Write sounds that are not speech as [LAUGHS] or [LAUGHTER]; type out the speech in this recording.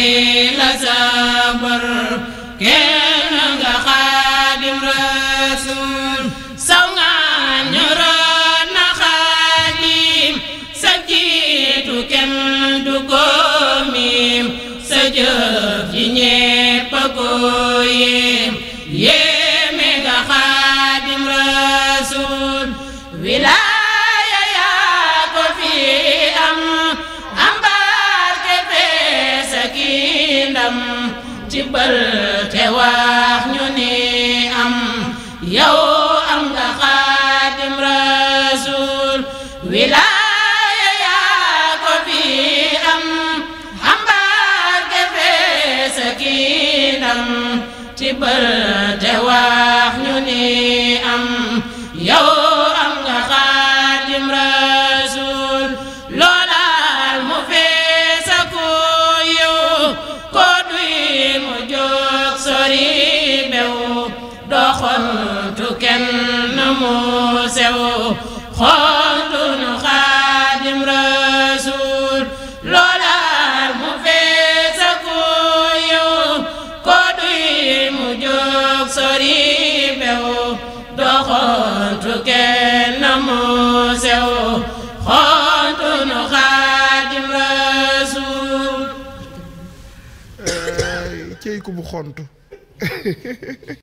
tey la sabar kenn nga xaadim rasul saw nga ñoroon na xaadim sa jiitu kenn du ko miim sa jëf ji ñépp a ko yéem yéeme nga xaadim rasul wila ndam jibal te wax ñu am yow am rasul wilaaya yaa ko fi am ambaar ke feesa ki mu mu feesa ku yow ko duy mu jóg sori bew doxontu kenn mu sew xontun xaadim rasuul cey ku bu xontu [LAUGHS]